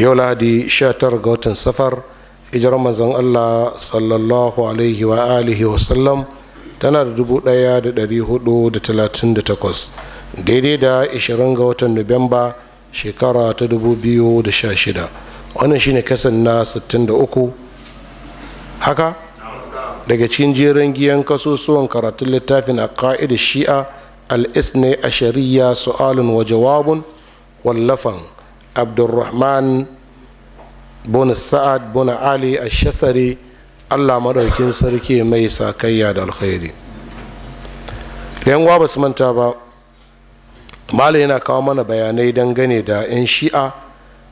yau ladi 19 ga watan safar ijar manzon allah sallallahu alaihi wa alihi wa sallam tana da 1438 daidai da 20 ga watan nuwamba shekara ta 2016 wannan shine kasan na 63 haka daga cikin jerin giyan kasusuwan karatun littafin a ka'ida shi'a al-isne a shari'a su'alun wa jawabun wallafan abdulrahman bin sa'ad bin ali shasari allah maɗaukin sarki mai sakayya da alkhairi yan ba su manta ba malai yana kawo mana bayanai dangane da 'yan shi'a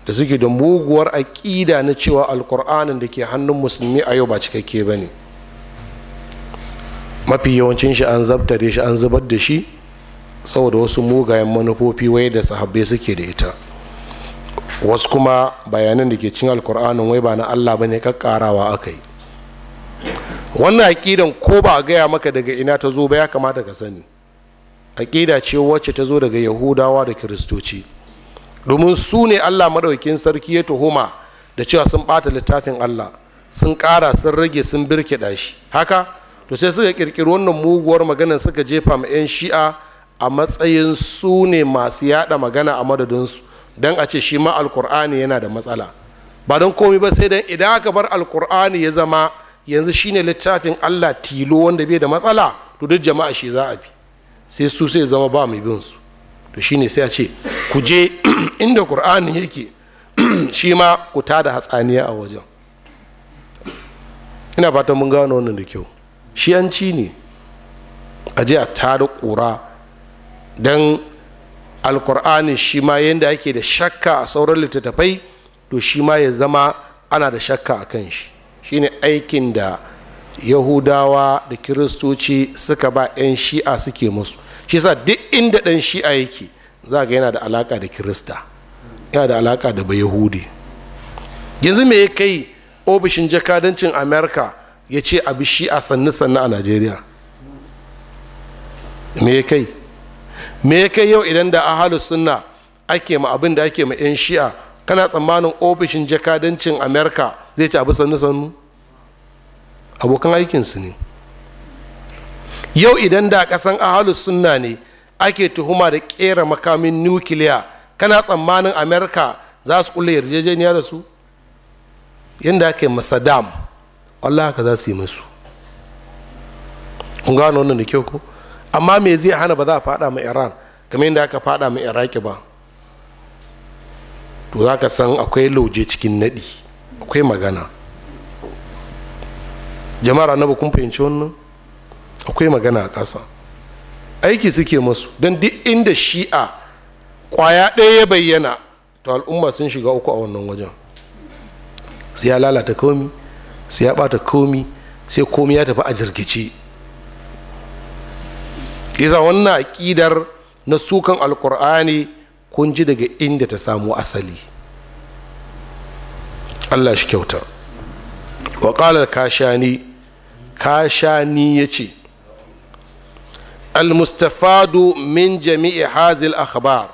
da suke da muguwar aƙida na cewa alkur'anin da ke hannun musulmi a yau ba cikakke ba ne mafi yawancin shi an zabtare shi an zubar da shi saboda wasu mugayen manufofi wai da sahabbai suke da ita wasu kuma bayanan da ke cin alkur'anin wai ba na allah ba ne kakkarawa aka yi wannan aƙidan ko ba a gaya maka daga ina ta zo ba ya kamata ka sani aƙida ce wacce ta zo daga yahudawa da kiristoci domin su ne allah maɗaukin sarki ya tuhuma da cewa sun ɓata littafin allah sun ƙara sun rage sun birkiɗa shi haka to sai suka ƙirƙiri wannan muguwar magana suka jefa ma 'yan shi'a a matsayin su ne masu yaɗa magana a madadinsu don a ce shi ma alkur'ani yana da matsala ba don komi ba sai don idan aka bar alkur'ani ya zama yanzu shine littafin allah tilo wanda bai da matsala to duk jama'a shi za a bi sai su sai zama ba mai bin su to shine sai a ce ku je inda qur'ani yake shi ma ku ta da hatsaniya a wajen ina fata mun gano wannan da kyau shi an ci ne a je a tada ƙura don alkur'ani shi ma yadda ake da shakka a sauran littattafai to shi ma ya zama ana da shakka a kan shi shine aikin da yahudawa da kiristoci suka ba 'yan shi'a suke musu shi sa duk inda ɗan shi'a yake za ga yana da alaka da kirista yana da alaka da bayahudi yanzu me ya kai ofishin jakadancin amerika ya ce abi shi'a sannu sannu a najeriya me ya kai me ya kai yau idan da ahalus sunna ake ma abin da ake ma 'yan shi'a kana tsammanin ofishin jakadancin amerika zai ci abu sannu sannu abokan aikinsu ne yau idan da kasan ahalus sunna ne ake tuhuma da kera makamin nukiliya kana tsammanin amerika za su kula yarjejeniya da su yadda ake masadam allah haka za su yi masu kun gano wannan da kyau ko amma me zai hana ba za a fada ma iran kamar yadda aka fada ma iraki ba to za ka san akwai lauje cikin naɗi akwai magana jama'ar annabi kun fahimci wannan akwai magana a ƙasa aiki suke masu don duk inda shi'a kwaya ɗaya ya bayyana to al'umma sun shiga uku a wannan wajen sai ya lalata komi sai ya ɓata komi sai komi ya tafi a jirgice iza wannan aƙidar na sukan alkur'ani kun ji daga inda ta samu asali allah shi kyauta waƙalar kashani kashani ya ce almustafadu min jami'i hazil akhbar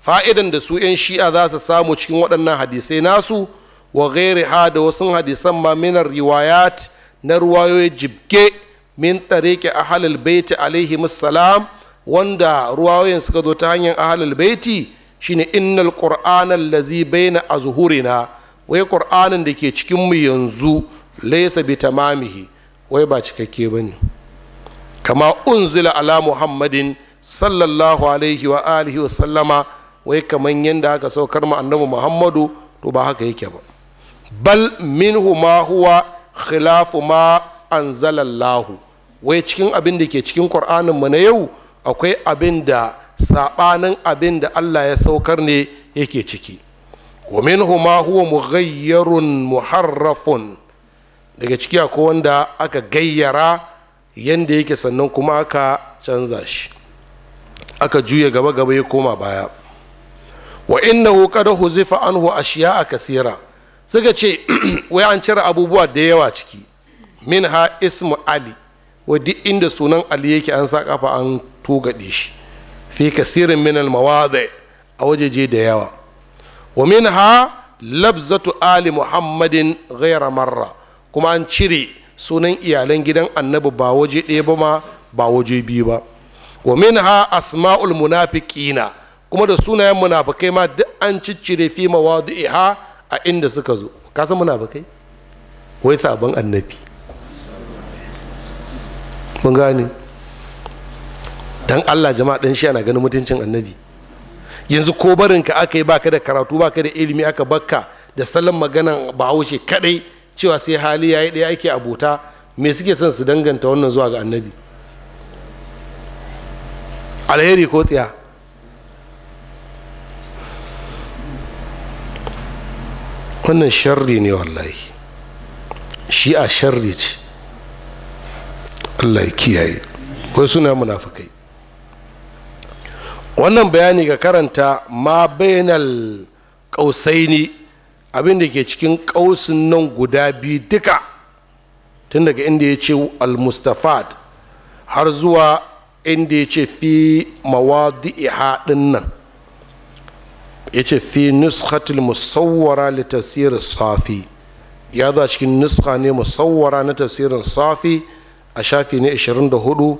fa'idan da su 'yan shi'a za su samu cikin waɗannan hadisai nasu wa gairi ha da wasu hadisan ma minar riwayat na ruwayoyi jibge min tariki ahalil baiti alaihi salam wanda ruwayoyin suka zo ta hanyar ahalil baiti shine innal qur'ana allazi baina azhurina wai qur'anin da ke cikin mu yanzu laysa bi tamamihi wai ba cikakke bane kama unzila ala muhammadin sallallahu alaihi wa alihi wa sallama wai kaman yanda aka saukar mu annabi muhammadu to ba haka yake ba bal minhu ma huwa khilafu ma anzalallahu wai cikin abin da ke cikin ƙur'anin mu na yau akwai abin da saɓanin abin da allah ya saukar ne yake ciki wa minhu ma huwa mughayyarun muharrafun daga ciki ko wanda aka gayyara yanda yake sannan kuma aka canza shi aka juya gaba gaba ya koma baya wa innahu qad huzifa anhu aka kasira suka ce wai an cire abubuwa da yawa ciki minha ismu ali wa duk inda sunan ali yake an sa kafa an tugaɗe shi fi kasirin minal mawadai a wajeje da yawa wa min labzatu ali muhammadin ghaira marra kuma an cire sunan iyalan gidan annabi ba waje ɗaya ba ma ba waje biyu ba wa min asma'ul munafiqina kuma da sunayen munafikai ma duk an ciccire fi ha a inda suka zo ka san munafikai wai sabon annabi mun gane dan allah jama'a dan shi ana ganin mutuncin annabi yanzu ko barinka aka yi baka da karatu baka da ilimi aka bakka da salon maganan bahaushe kadai cewa sai hali yayi ɗaya ake abota me suke son su danganta wannan zuwa ga annabi alheri ko tsiya wannan sharri ne wallahi shi a sharri ce allah kiyaye wai suna munafukai wannan bayani ga karanta ma bainal kausaini abin da ke cikin kausin nan guda biyu duka tun daga inda ya ce al-mustafad har zuwa inda ya ce fi mawadi'iha haɗin nan ya ce fi nuskatul musawwara li tafsirin safi ya za cikin nuska ne musawwara na tasirin safi a shafi na 24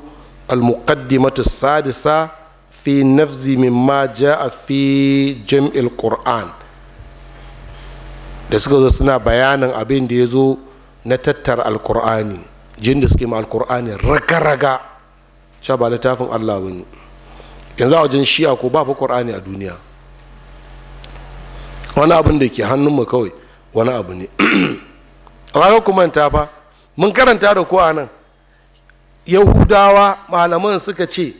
al-muqaddimatu sadisa fi nafzi mimma ja'a fi jam'il qur'an da suka zo suna bayanin abin da ya zo na tattara alkur'ani jin da suke ma alkur'ani raga-raga sha ba littafin allah wani yanzu a wajen shi'a ko babu qur'ani a duniya wani abin da ke hannunmu kawai wani abu ne a kuma ta fa mun karanta da ko a nan yahudawa malaman suka ce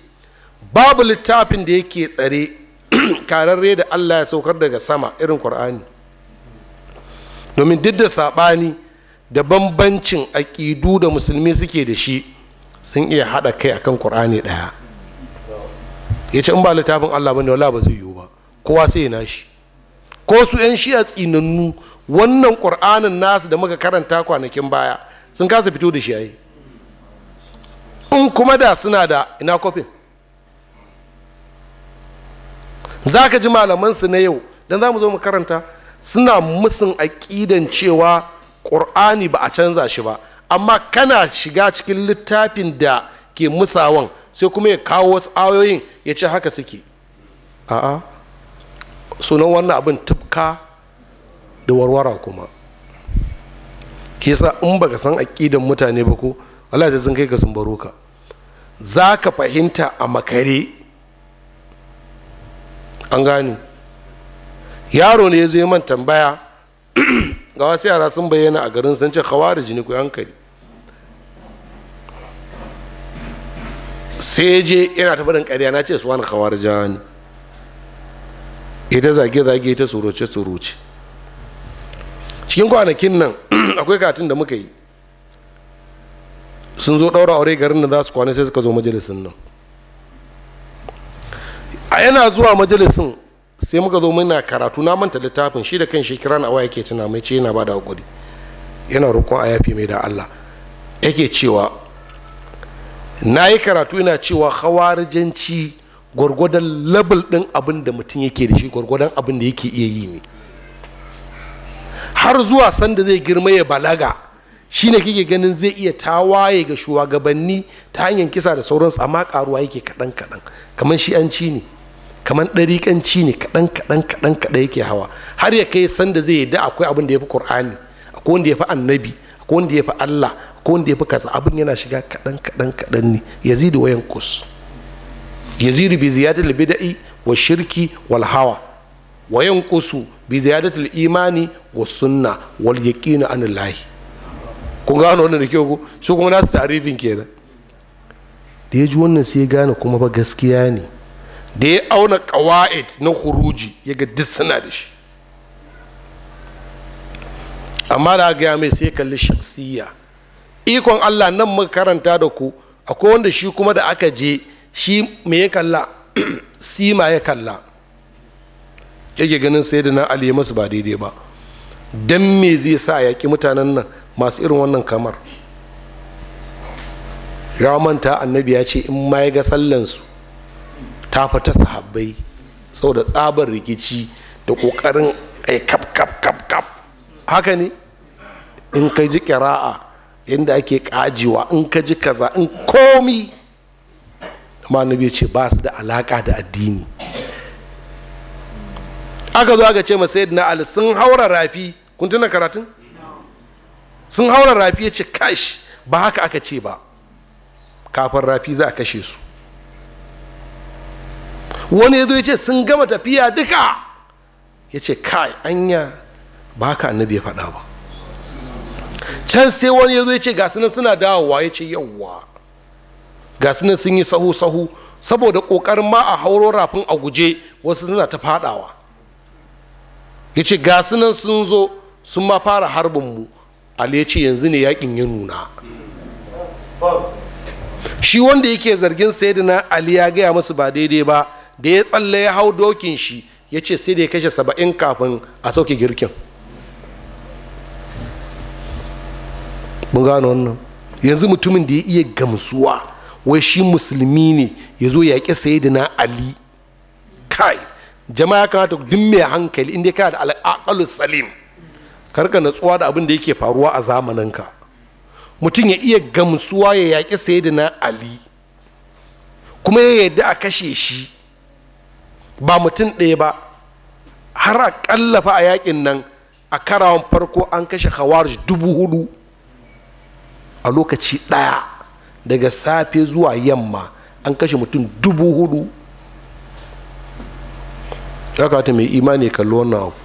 babu littafin da yake tsare kararre da allah ya saukar daga sama irin ƙur'ani domin duk da saɓani da bambancin aƙidu da musulmi suke da shi sun iya haɗa kai akan ƙur'ani ɗaya ya ce in ba littafin allah bane wala ba zai yiwu ba kowa sai na shi ko su 'yan shi a tsinannu wannan ƙur'anin nasu da muka karanta kwanakin baya sun kasa fito da shi a yi in kuma da suna da ina kofin za ka ji malamansu na yau don za mu zo mu karanta suna musun aƙidan cewa ƙur'ani ba a canza shi ba amma kana shiga cikin littafin da ke musawan sai kuma ya kawo wasu ayoyin ya ce haka suke a'a sunan wannan abin tufka da warwara kuma ke sa in baka san aƙidan mutane ba ko Allah ta sun kai ka sun baro ka za ka fahimta a makare an gane yaro ne ya zo man tambaya ga wasu yara sun bayyana a garin sun ce khawarij jini ku hankali sai je yana ta faɗin kariya na ce su wani khawarija ne ita zage-zage ta suruce-suruce cikin kwanakin nan akwai katin da muka yi sun zo ɗaura aure garin da za su kwana sai suka zo majalisin nan a yana zuwa majalisin sai muka zo muna karatu na manta littafin shi da kan shi kiran awa yake tuna mai ce yana ba da hakuri yana roƙon a yafi mai da Allah yake cewa na yi karatu yana cewa hawarijanci gwargwadon label ɗin abin da mutum yake da shi gwargwadon abin da yake iya yi ne har zuwa sanda zai girma ya balaga shi shine kike ganin zai iya tawaye ga shugabanni ta hanyar kisa da sauransu amma karuwa yake kaɗan kaɗan kamar shi'anci ne kamar ɗariƙanci ne kaɗan kaɗan kaɗan kaɗan yake hawa har ya kai sanda zai yi da akwai abin da ya fi ƙur'ani akwai wanda ya fi annabi akwai wanda ya fi allah akwai wanda ya fi kaza abin yana shiga kaɗan kaɗan kaɗan ne yazidu wayan kus yazidu bi ziyadar bida'i wa shirki wal hawa wayan kusu bi ziyadatul imani wa sunna wal yaqini anillahi kun gano wannan da kyau ku su kuma nasu tarifin kenan da ya ji wannan sai ya gane kuma ba gaskiya ne da ya auna kawa'id na kuruji ya ga duk suna da shi amma da gaya mai sai kalli shaksiya ikon allah nan makaranta da ku akwai wanda shi kuma da aka je shi me ya kalla sima ya kalla yake ganin sai da na ali masu ba daidai ba Dan me zai sa yaƙi mutanen nan masu irin wannan kamar ya manta annabi ya ce in ma ya ga sallansu ta fita sahabbai saboda tsabar rikici da ƙoƙarin ai kap kap kap kap haka ne in ka ji ƙira'a inda ake ƙajiwa in ka ji kaza in komi amma annabi ya ce ba su da alaƙa da addini aka zo aka ce ma sayyidina ali sun haura rafi kun tuna karatun sun haura rafi ya ce kash ba haka aka ce ba kafin rafi za a kashe su wani ya zo ya ce sun gama tafiya duka ya ce kai anya ba haka annabi ya faɗa ba can sai wani ya zo ya ce ga sunan suna dawowa ya ce yawwa ga sunan sun yi sahu-sahu saboda ƙoƙarin ma a hauro rafin a guje wasu suna ta faɗawa ya ce ga sunan sun zo sun ma fara harbin mu ali ya ce yanzu ne yakin ya nuna shi wanda yake zargin sayyidina ali ya gaya masu ba daidai ba da ya tsalle ya hau dokin shi ya ce sai da ya kashe saba'in kafin a sauke girkin wannan yanzu mutumin da ya iya gamsuwa wai shi musulmi ne ya zo yaƙi sayyidina ali kai jama'a kamata duk mai hankali inda ya kada da al'aqalu salim karka natsuwa da abin da yake faruwa a zamaninka mutum ya iya gamsuwa ya yaƙi sayidina ali kuma ya yadda a kashe shi ba mutum ɗaya ba har a ƙallafa a yaƙin nan a karawan farko an kashe hawa dubu hudu a lokaci ɗaya daga safe zuwa yamma an kashe mutum dubu hudu ya kawata mai imani kallo wannan abu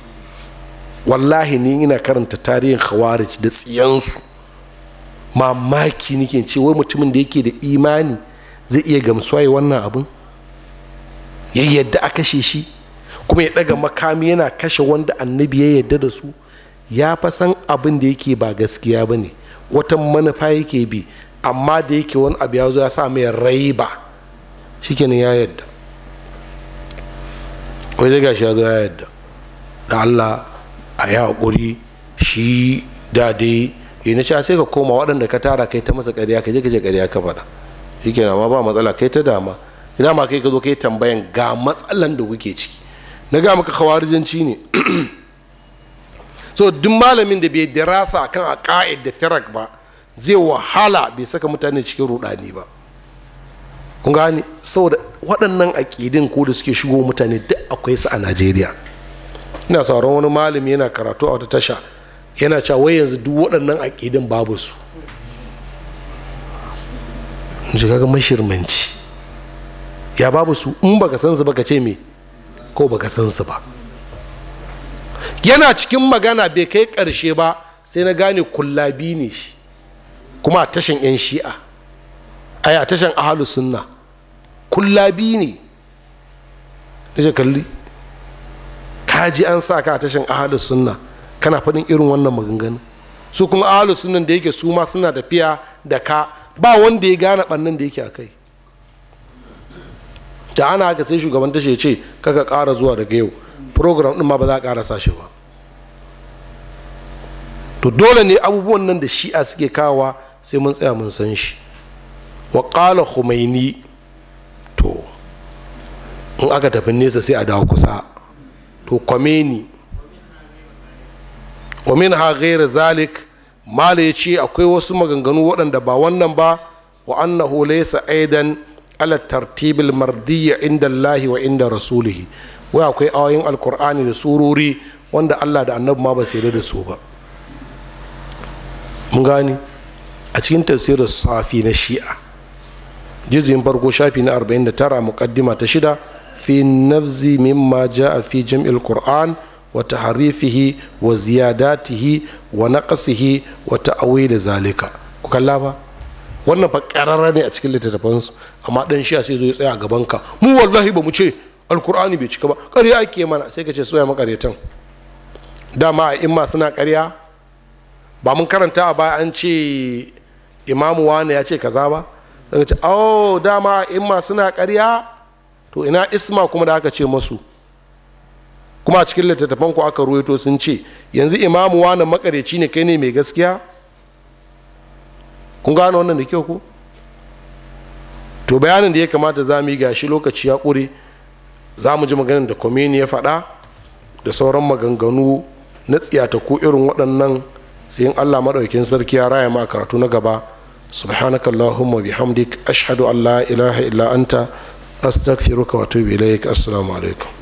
wallahi ni ina karanta tarihin khawarij da tsiyansu mamaki nike ce wai mutumin da yake da imani zai iya gamsuwa ya wannan abin ya yadda a kashe shi kuma ya daga makami yana kashe wanda annabi ya yadda da su ya fa san abin da yake ba gaskiya ba ne wata manufa yake bi amma da yake wani abu ya zo ya sa mai rai ba shikenan ya yadda wai daga shi ya zo ya yadda da allah a yi haƙuri shi da dai yi na sai ka koma waɗanda ka tara kai ta masa ƙarya ka je ka je ƙarya ka faɗa shi ke ma ba matsala kai ta dama ina ma kai ka zo kai tambayan ga matsalan da kuke ciki na ga maka kawarijinci ne so duk malamin da bai dirasa kan a ƙa'id da firak ba zai wahala bai saka mutane cikin rudani ba kun gane saboda waɗannan aƙidin ko da suke shigo mutane duk akwai su a najeriya ina sauran wani malami yana karatu a wata tasha yana cewa wai yanzu duk waɗannan aƙidin babu su ji kaga mashirmanci ya babu su in baka san su baka ce me ko baka san su ba yana cikin magana bai kai ƙarshe ba sai na gane kullabi ne shi kuma a tashan 'yan shi'a yi a tashan ahalu sunna kullabi ne kalli ji an sa ka a tashin ahalus sunna kana faɗin irin wannan maganganu su kuma ahalus sunnan da yake su ma suna tafiya da ka ba wanda ya gane bannin da yake a kai da ana haka sai shugaban tashi ya ce kaka kara zuwa daga yau program ɗin ma ba za a ƙara sashe ba to dole ne abubuwan nan da shi'a suke kawa sai mun tsaya mun san shi wa ƙala to in aka tafi nesa sai a dawo kusa to kwameni wamin ha gaira zalik mala ya ce akwai wasu maganganu waɗanda ba wannan ba wa annahu laysa aidan ala tartibil mardiyya inda lahi wa inda rasulihi wai akwai ayoyin alkur'ani da surori wanda Allah da annabi ma ba su da su ba mun gani a cikin tafsirin safi na shi'a jizuyin farko shafi na 49 muqaddima ta shida fi nafzi mimma ja'a fi jam'il qur'an wa tahrifihi wa ziyadatihi wa naqsihi wa da zalika ku kalla ba wannan fa karara ne a cikin littattafan su amma dan shi sai zo ya tsaya a gaban ka mu wallahi ba mu ce alqur'ani bai cika ba ƙarya ake mana sai ka ce soya makaretan dama a imma suna ƙarya ba mun karanta a baya an ce imamu wane ya ce kaza ba sai ka ce oh dama a imma suna karya. to ina isma kuma da aka ce masu kuma a cikin littattafan ku aka ruwaito sun ce yanzu imamu wani makareci ne kai ne mai gaskiya kun gano wannan da kyau ko to bayanin da ya kamata za mu yi gashi lokaci ya ƙure za mu ji maganin da komeni ya faɗa da sauran maganganu na tsiyata ko irin waɗannan sayin allah maɗaukin sarki ya raya ma karatu na gaba subhanakallahumma bihamdik ashhadu an la ilaha illa anta astaghfiruka wa atubu ilaik assalamu alaikum